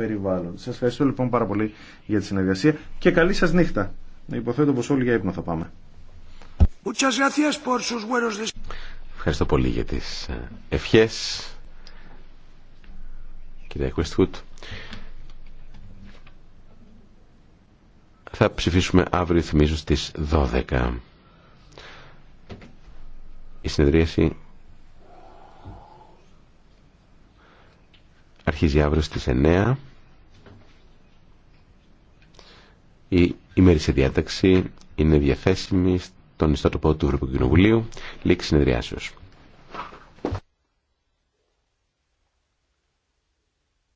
περιβάλλον. Σας ευχαριστώ λοιπόν πάρα πολύ για τη συνεργασία και καλή σας νύχτα. Υποθέτω πως όλοι για ύπνο θα πάμε. Ευχαριστώ πολύ για τις ε, ευχές. Κυρία Κουεστχούτ. Θα ψηφίσουμε αύριο, θυμίζω, στις 12. Η συνεδρίαση αρχίζει αύριο στις 9. Η σε διάταξη είναι διαθέσιμη στον ιστότοπο του Ευρωπαϊκού Κοινοβουλίου. Λήξη συνεδριάσεως.